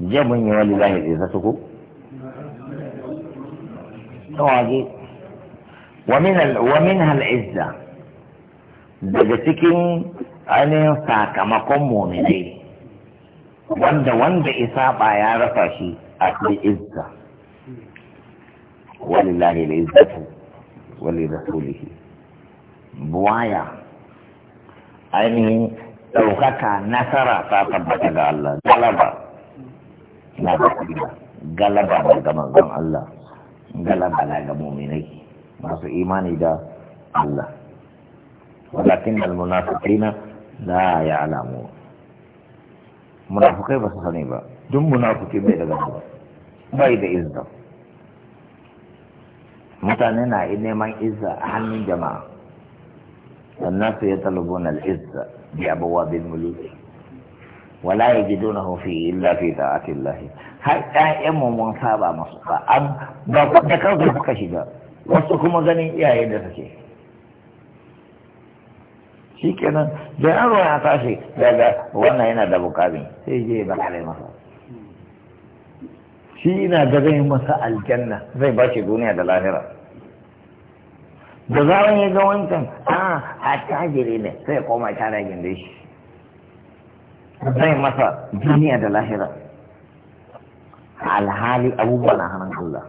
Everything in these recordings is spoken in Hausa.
jiya mun yi wani lahi da su ku tawage wa min hal izza daga cikin ainihin sakamakon mominai wanda wanda isa ba ya rasa shi a cikin izza walillahi da izzatu wali rasulihi buwaya ainihin ɗaukaka nasara ta tabbata ga Allah galaba na da galaba daga manzon Allah galaba ga muminai masu imani da Allah walakin almunafiqina la ya'lamu munafikai ba su sani ba duk munafiki bai daga ba bai da izza mutane na neman izza a hannun jama'a annasu ya talabuna al-izza bi bin muluk wala ya gido na hofi illa fi da'atin lahi har yayan mun saba masu ba an ba da kansu suka shiga wasu kuma ganin iyaye da suke shi kenan da yaro ya tashi daga wannan yana da bukami sai je ba kare masa shi yana da zai masa aljanna zai ba shi duniya da lahira da zaran ya ga wancan a ah, a tajiri ne sai koma tara gindin shi zai masa duniya da lahira alhali abubuwa na hannun Allah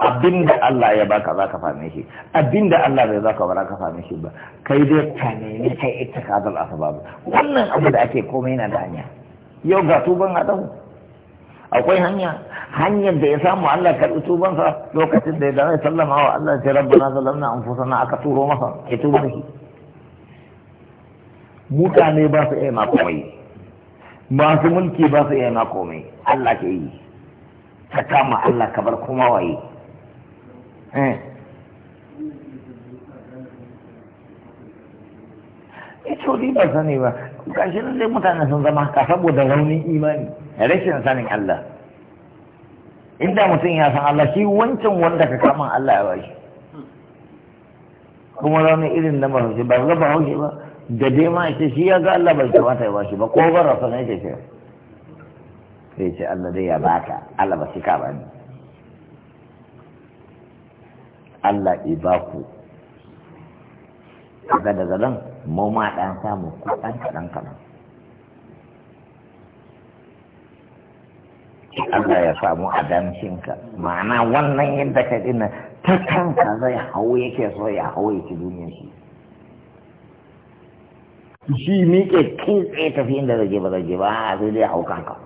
abinda Allah ya baka za ka fame shi abinda Allah bai baka ba za ka fame shi ba kai dai ka nemi kai ita ka zal asbab wannan abu da ake komai na da hanya yau ga tuban adamu akwai hanya hanyar da ya samu Allah karɓi sa lokacin da ya dawo ya sallama wa Allah ya ce na zalamna anfusana aka turo masa ya tuba shi mutane ba su iya ma komai masu mulki ba su iya ma komai Allah ke yi ka kama Allah ka kuma waye eh. ito dai ba sani ba gashi nan dai mutane sun zama haka saboda raunin imani rashin sanin Allah inda mutum ya san Allah shi wancan wanda ka kama Allah ya bashi kuma raunin irin na ba ba ba ba da dai ma ce shi ya ga Allah bai kamata ya bashi ba ko ban rasa ne ke ce sai ce Allah dai ya baka Allah ba shi ka ne. Allah i baku daga daga nan mu ma dan samu ku dan kadan kadan Allah ya samu ka ma'ana wannan yadda ka dina ta kanka zai hau yake so ya hau yake duniyar shi shi miƙe kai tsaye tafi inda zage ba zage ba zai dai hau kanka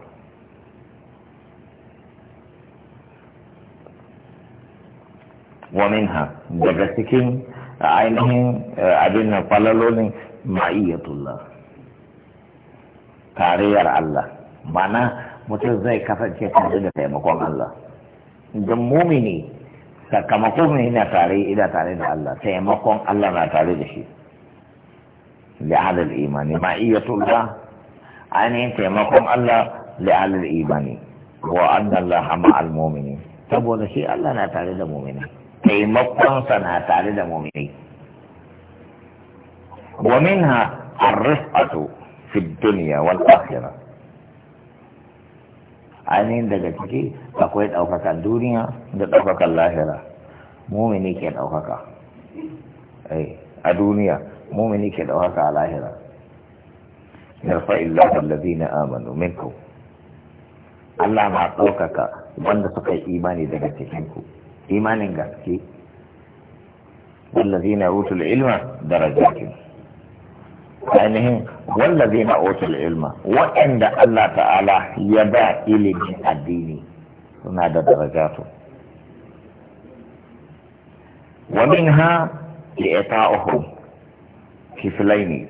wani ha daga cikin ainihin eh, abin na falalolin ma'iyyatullah tarayyar Allah mana mutum zai kasance tare da taimakon Allah idan mumini sakamakon ne na tare idan tare da Allah taimakon Allah na tare da shi لعلى الإيمان معية الله أن يتمكن الله لعلى الإيمان وأن الله مع المؤمنين تبون شيء الله لا تعالى المؤمنين تيمكن سنة تعالى المؤمنين ومنها الرفقة في الدنيا والآخرة ainihin daga ciki akwai ɗaukakan الدنيا أنت ɗaukakan lahira مؤمنين كي ɗaukaka أي الدنيا mumini ke da haka a lahira yarfa illahu na amanu minkum Allah ma ɗaukaka wanda suka yi imani daga cikinku. imanin gaske wallazina utul ilma darajatin ainihin wallazina utul ilma waɗanda Allah ta'ala ya ba ilimin addini suna da darajatu wa minha li'ta'uhum ne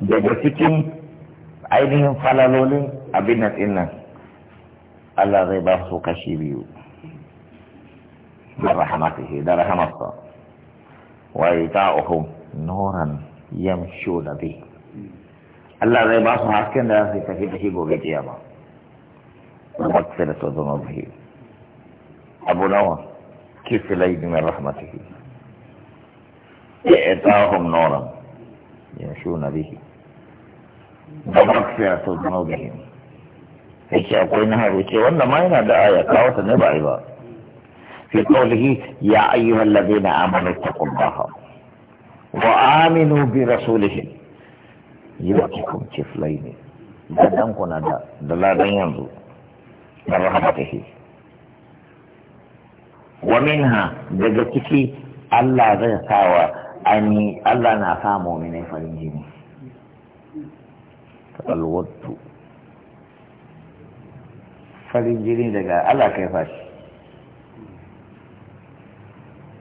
daga cikin ainihin falalolin abin nan Allah zai ba su kashi biyu da rahamatihi da rahamarsa wa da bi Allah zai ba su hasken da zai tafi da shi gobe kiyama wa abu nawa kifilai min إعطاهم نورا يمشون به ومغفرة ذنوبهم yake akwai na ce wannan ma yana da aya kawo ta ne ba yi ba fi qawlihi ya ayyuhal ladina amanu taqullaha wa aminu bi rasulihi ne. kiflaini dan kuna da da ladan yanzu da rahmatihi wa minha daga ciki Allah zai kawo. an Allah na sa mu'minai farin jini alwattu farin jini daga Allah kai fashi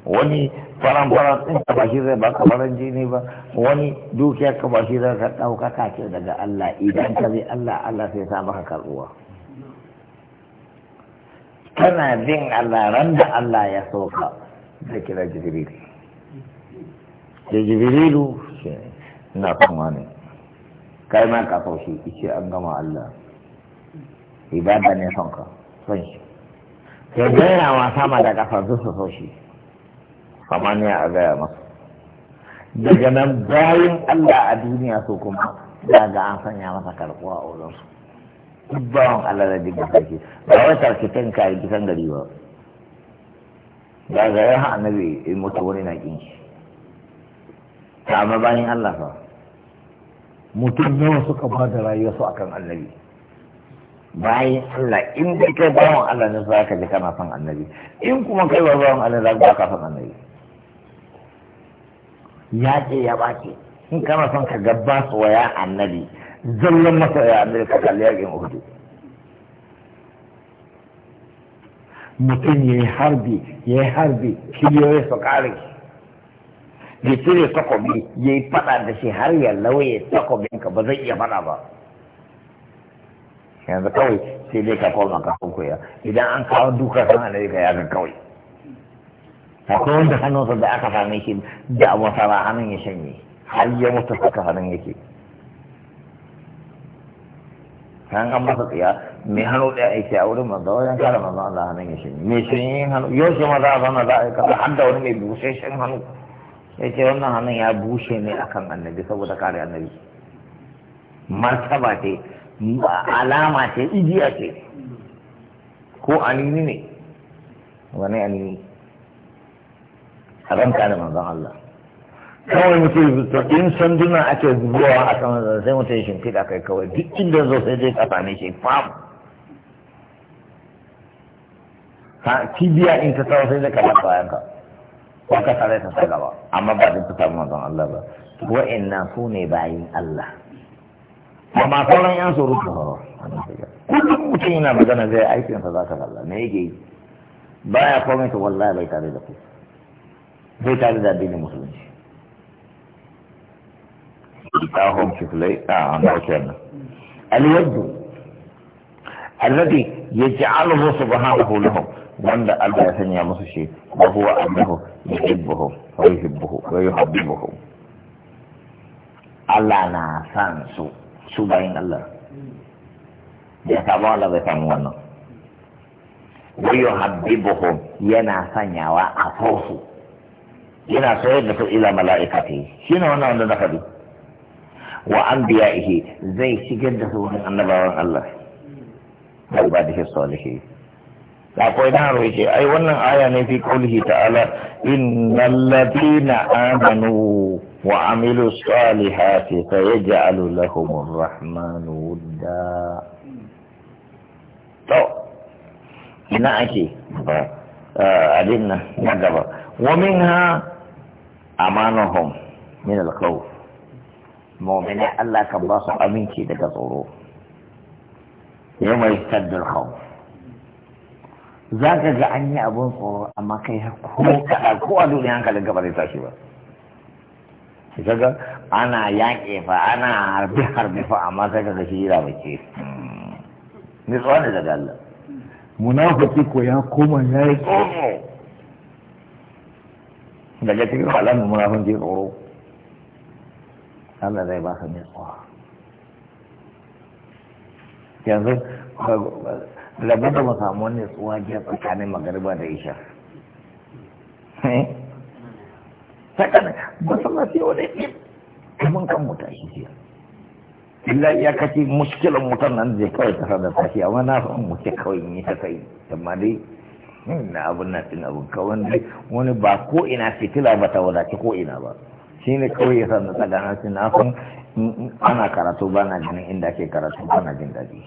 wani faran faran din ka ba shi zai baka farin jini ba wani dukiya ka ba shi zai ka ɗaukaka ce daga Allah idan ka bi Allah Allah sai sa maka karɓuwa kana bin Allah randa da Allah ya soka da kira jibril da jibrilu na kuma ne kai ma ka faushe ice an gama Allah ibada ne son ka son shi sai gaira ma sama da kafa su su so shi samaniya a gaya masa daga nan bayan Allah a duniya so kuma daga an sanya masa karkuwa a su bawan Allah da jirgin sarki ba wai kan kayi kisan gari ba daga yawan annabi in mutu wani na kin shi kama bayan Allah fa mutum nawa suka ba da rayuwarsu akan annabi bayan Allah in dai kai bawan Allah ne za ka ji kana son annabi in kuma kai ba bawan Allah za ka ka son annabi ya ce ya bace in kana son ka gabba su waya annabi zallan masa ya annabi ka kalli yakin uhudu mutum ya yi harbi ya yi harbi kiyoyi su kare ya cire takobi ya yi faɗa da shi har ya lauye takobin ka ba zai iya faɗa ba yanzu kawai sai dai ka koma ka ya idan an kawo duka san alaika ka ga kawai akwai wanda hannunsa da aka same shi da masara hannun ya shanye har ya mutu suka hannun yake kan an masa tsiya mai hannu ɗaya aiki a wurin manzo wajen kare manzo Allah hannun ya shanye mai shanye hannu yau shi ma za a zama za a yi kasa har da wani mai busasshen hannu ya ce wannan hannun ya bushe ne akan annabi saboda kare annabi martaba ce alama ce igiya ce ko anini ne wani anini a haram kare manzon Allah kawai mutum to in sanduna ake zuwa a saman sai mutum shimfiɗa kai kawai duk inda zo sai dai ka ne shi fam kibiya in ta tsawo sai dai ka bayan ka ko ka sare ta sai gaba amma ba ta fita manzon Allah ba inna ku ne bayin Allah ma sauran yan surutu horo kullum mutum yana magana zai aikin sa zaka Allah me yake baya komai to wallahi bai tare da ku bai tare da dinin musulunci tahum kiflai a amma kenan alwaddu alladhi yaj'aluhu subhanahu lahum wanda Allah ya sanya musu shi wa huwa annahu yuhibbuhu wa yuhibbuhu wa yuhibbuhu Allah na san su su bayin Allah ya ba Allah bai samu wannan wa yuhibbuhu yana sanyawa a so su yana soyar da su ila mala'ikati shine wannan wanda na faɗi wa anbiya'ihi zai shigar da su wurin annabawan Allah da shi salihin akwai na roke ai wannan aya ne fi qawlihi ta'ala innal ladina amanu wa amilu salihati sayaj'alu lahum ar-rahmanu wudda to ina ake eh, abin nan na gaba wa minha amanuhum min al-khawf mu'mina Allah kan ba su aminci daga tsoro yawma yastaddu al-khawf za ka ga an yi abin tsoro amma kai ko ko a duniya hankalin gaba bari tashi ba kaga ana yaƙe fa ana harbi harbi fa amma sai kaga shi jira bace hmm. ni tsoro ne daga Allah munafiki ko ya koma ya yi tsoro daga cikin alamun munafiki tsoro Allah zai ba ka ne tsoro yanzu labar da ba samu wani tsuwa jiya tsakanin magariba da isha eh? sakana ba san na wani ɗin kaman kan mu tashi jiya illa ya kace muskilan mutan nan zai kawai sa da tashi amma na san mu ce kawai ni ta kai amma dai na abun na ɗin abun kawai wani ba ko ina fitila ba ta wadace ko ina ba shi ne kawai ya san na tsaganar na san ana karatu ba na ganin inda ke karatu ba na jin daɗi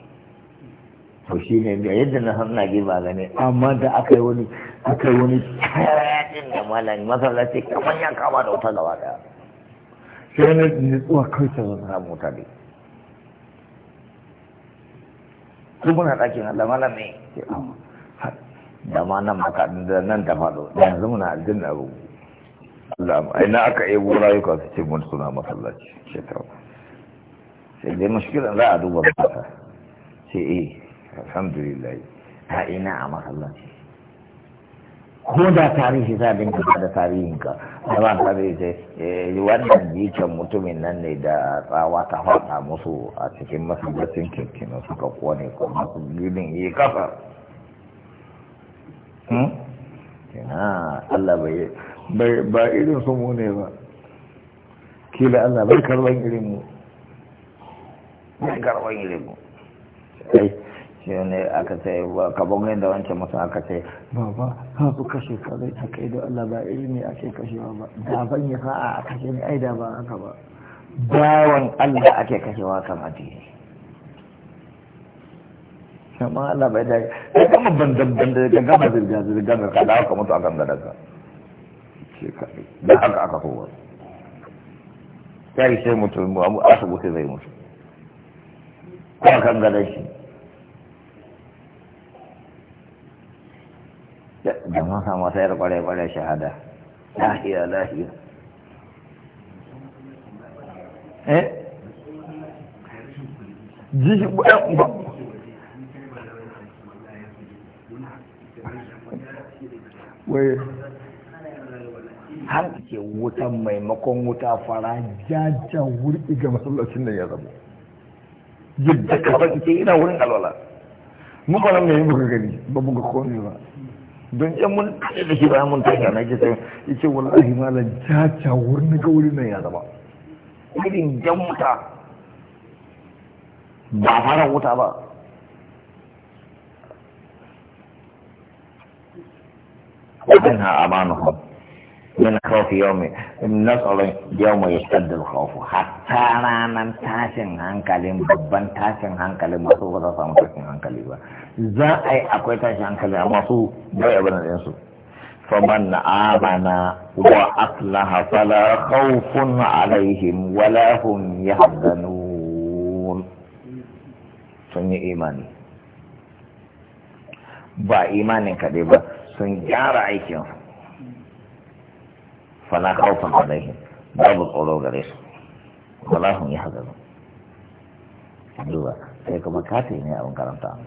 to shi ne yadda na san nage ba gane amma da aka yi wani aka yi wani tayadin da malami masallaci kamar ya kama da wuta gaba daya ne ne tsuwa kai ta zan samu wuta ne su muna ɗakin Allah malami da ma nan maka da nan ta faɗo da yanzu muna aljanna rubu Allah ma ina aka yi rayuka su ce mun suna masallaci shekaru sai dai mashkilan za a duba ba sai eh alhamdulillah Ha ina a masallaci ko da tarihi za a ka da tarihin ka da ba ka zai ce eh, wannan jikin mutumin nan ne da tsawa ta faɗa musu a cikin masallacin kirkina suka kone ko masu gudun yi kafa hmm? na Allah bai ba irin su mu ne ba kila Allah bai karban irin mu bai karban irin mu shi ne aka ce kabon da wancan mutum aka ce ba ka ku kashe ka a kai da Allah ba iri ne kai kashe ba da ban yi sa'a a kashe ni aida ba haka ba bawan Allah ake wa kan addini kuma Allah bai da ya gama bandan bandan ka gama zirga zirga ga ka dawo ka mutu a ganga daga shi ka da haka aka kowa sai sai mutum mu asu sai zai mutu ko kan gadan shi sama saya samu sayar syahada lah ya lah ya eh jadi ba wai har ke wutan maimakon wuta fara jaja wurfi ga masallacin da ya zama yadda ka ita ina wurin alwala mu fara mai yi buga gani ba buga kone ba don yan mun tare da shi bayan mun tashi na ke sai yace wallahi malam jaja wurin ga wurin nan ya zama irin jan wuta ba fara wuta ba wajen ha amanuhum min khawfi yawmi nasalin yawma yashtaddu khawfu hatta ranan tashin hankalin babban tashin hankalin ba so ba za tashin hankali ba za a yi akwai tashin hankali amma su bai abin da yansu فمن آمن وأصلح فلا خوف عليهم ولا Sun يحزنون سن إيماني با إيمان كذبا سن جار عيكيهم فلا خوف عليهم باب القلوب عليه ولا هم يحزنون دوبا سي كما كاتي ني ابو كرم تام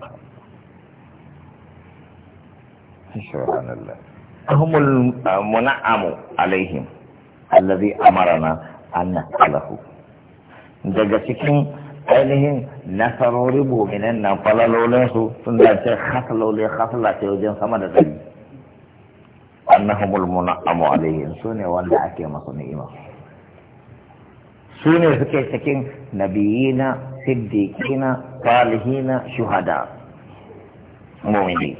سبحان الله هم المنعم عليهم الذي امرنا ان نقله daga cikin ainihin nasarori bobinan nan falalolinsu sun dace hasalolin hasala ce wajen sama da zai annahum almun'amu alaihim sune wanda ake masu ni'ima sune suke cikin nabiyina siddiqina salihina shuhada mu'mini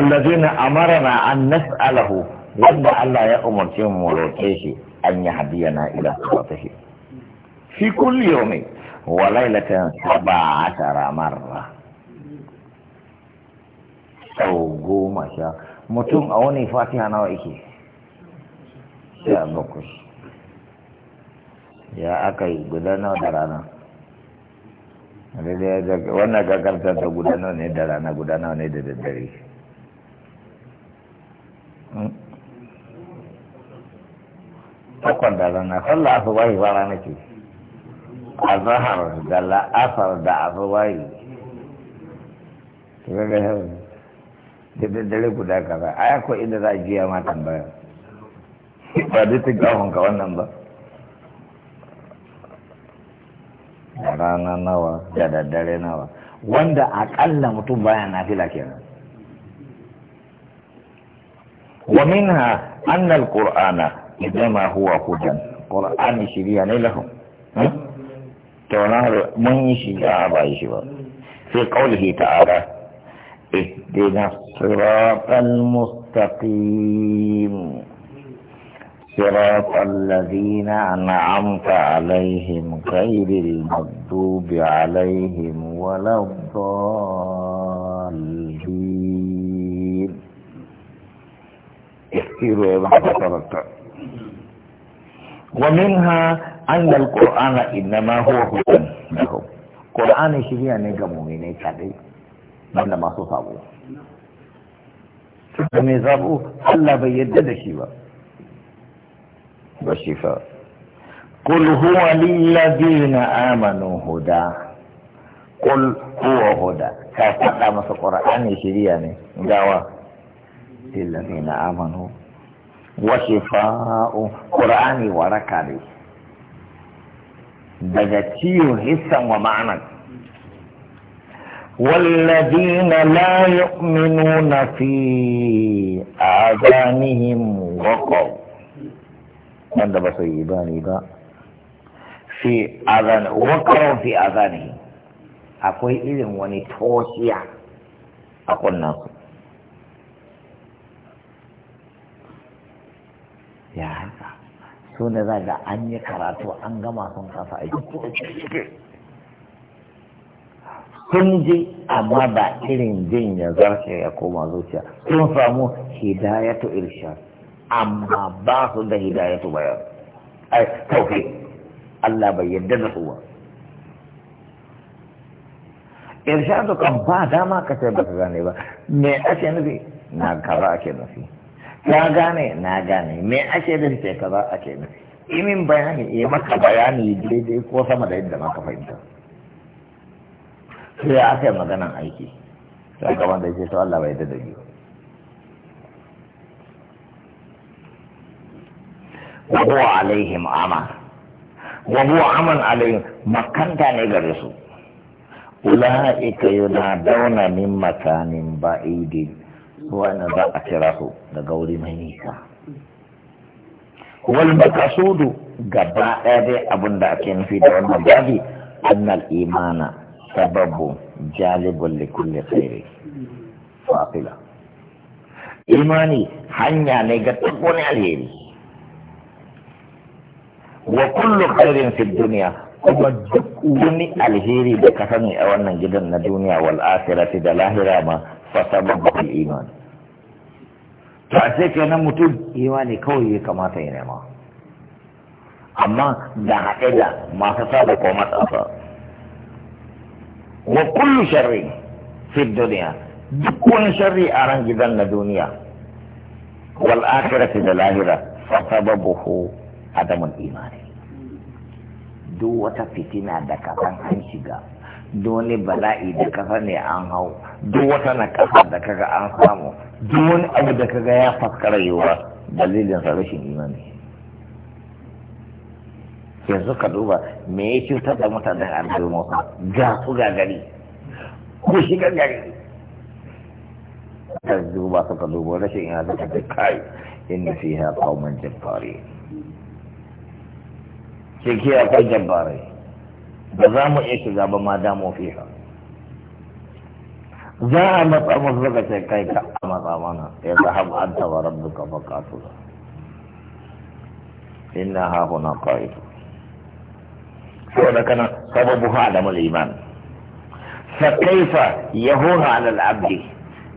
alladhina amarna an nas'alahu wanda Allah ya umarce mu roƙe shi an yahdiyana ila siratihi fi kulli yawmin wa lailatan sab'ata marra sau goma sha mutum a wani fatiha nawa yake sha bakwai ya aka yi guda nawa da rana wannan gagarta ta guda nawa ne da rana guda nawa ne da daddare hmm? takwan da rana sallah asubahi ba rana ce a zahar da la'asar da asubahi ta gaga da daddare guda kaza a ya ko inda za a jiya ma tambaya ba duk ta gawon ka wannan ba da rana nawa da daddare nawa wanda akalla mutum baya fila kenan wa minha anna alqur'ana idama huwa hudan qur'ani shiriya ne lahum hmm? to na mun yi shi ba bai shi ba sai qaulihi ta'ala اهدنا الصراط المستقيم صراط الذين أنعمت عليهم غير المغضوب عليهم ولا الضالين اختيروا ما تركت ومنها أن القرآن إنما هو هدى لهم قرآن شريعة نجم من كذلك banda masu sabo da mai zabo Allah bai yadda da shi ba ba shi fa kul huwa lilladina amanu huda kul huwa huda ka faɗa masa qur'ani ne shiriya ne gawa lilladina amanu wa shifa'u qur'ani waraka ne daga ciwon hissan wa ma'anar والذين لا يؤمنون في آذانهم وقر من دب سيباني با في آذان وقر في آذانهم أقول إذن وني توشيا أقول ناس يا هذا سنة ذا أني كراتو أنجما سنقصى أيضا kun ji amma ba irin jin ya zarce ya koma zuciya kun samu hidayatu irshad amma ba su da hidayatu bayan ai tauhid Allah bai yadda da su ba irshadu kan ba dama ka ce ba ka gane ba me ake nufi na kaza ake nufi ka gane na gane me ake nufi ce kaza ake nufi imin bayani ya maka bayani daidai ko sama da yadda maka fahimta sai ya aka yi maganan aiki sai aka wanda ya to Allah bai da biyu wabuwa alaihim ama aman alaihim makanta ne gare su ula'ika yunadawna min makanin ba'idin wanda za a kira su daga wuri mai nisa wal makasudu gaba ɗaya dai abin da ake nufi da wannan babi annal imana sababu jalibun likulli khairi fatila imani hanya ne ga duk wani alheri wa kullu khairin fi dunya kuma duk wani alheri da ka sani a wannan gidan na duniya wal akhirati da lahira ma fa sababu iman to a sai kenan mutum imani kawai ya kamata ya nema amma da haɗe da masu saba koma matsafa wa kullu sharri fi duniya duk wani sharri a ran gidan na duniya wal akhirati da lahira fa sababuhu adamu imani duk wata fitina da san an shiga dole bala'i da kafa ne an hau duk wata na da kaga an samu duk wani abu da kaga ya faskara yiwa dalilin rashin imani yanzu ka duba me ya cutar da mutane a annabi ga su ga gari ku shiga gari ta duba suka duba rashin ya zaka da kai inda fi ha kauman jabbari ciki akwai jabbarai ba za mu iya shiga ba ma damu fi ha za a matsa masu suka ce kai ka a matsa mana ya zahabu an tawarar duka fakatula inna ha huna qa'idu فأنا سببها عدم الإيمان فكيف يهون على العبد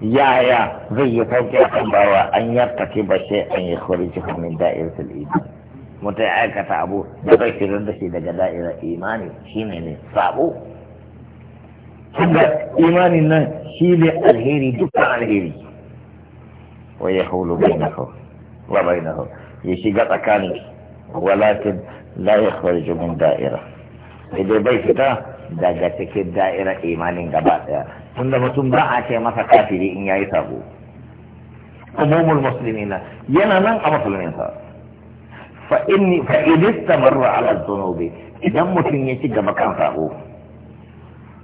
يا يا زي يتوكي أخبار أن يرتكب شيء أن يخرجه من دائرة الإيمان متعاكة أبو يبقى في رندسي لك دائرة إيماني شيني صابو كده إيماني شيني الهيري دكا الهيري ويحول بينه وبينه يشيقت أكاني ولكن لا يخرج من دائره dai bai fita daga cikin da'irar imanin gaba daya tunda mutum ba a ce masa kafiri in yayi sabo umumul muslimin yana nan a musulmin sa fa inni fa marra ala dhunubi idan mutum ya ci gaba kan sabo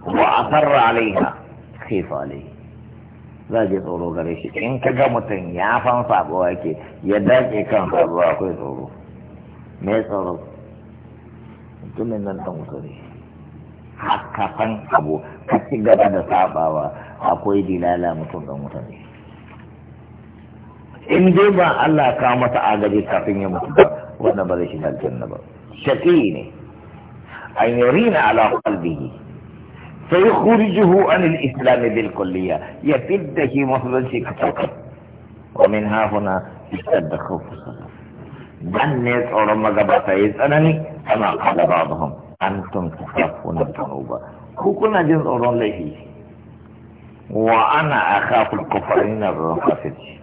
wa asarra alaiha khifa alaihi za je tsoro gare shi in ka ga mutum ya fan sabo yake ya dace kan sabo akwai tsoro me tsoro mutumin nan ɗan wuta haka san abu ka ci gaba da sabawa akwai dilala mutum ɗan wuta in dai ba Allah ka mata agaji kafin ya mutu ba wannan ba zai shiga aljanna ba shaqi ne an yurina ala qalbihi فيخرجه عن الإسلام بالكلية يفده مصدر كتاب ومن ها هنا اشتد خوف الصلاة جنة أو قبطة يسألني كما قال بعضهم أنتم تخافون الذنوب كنا جزء ليه وأنا أخاف الكفرين الرافضين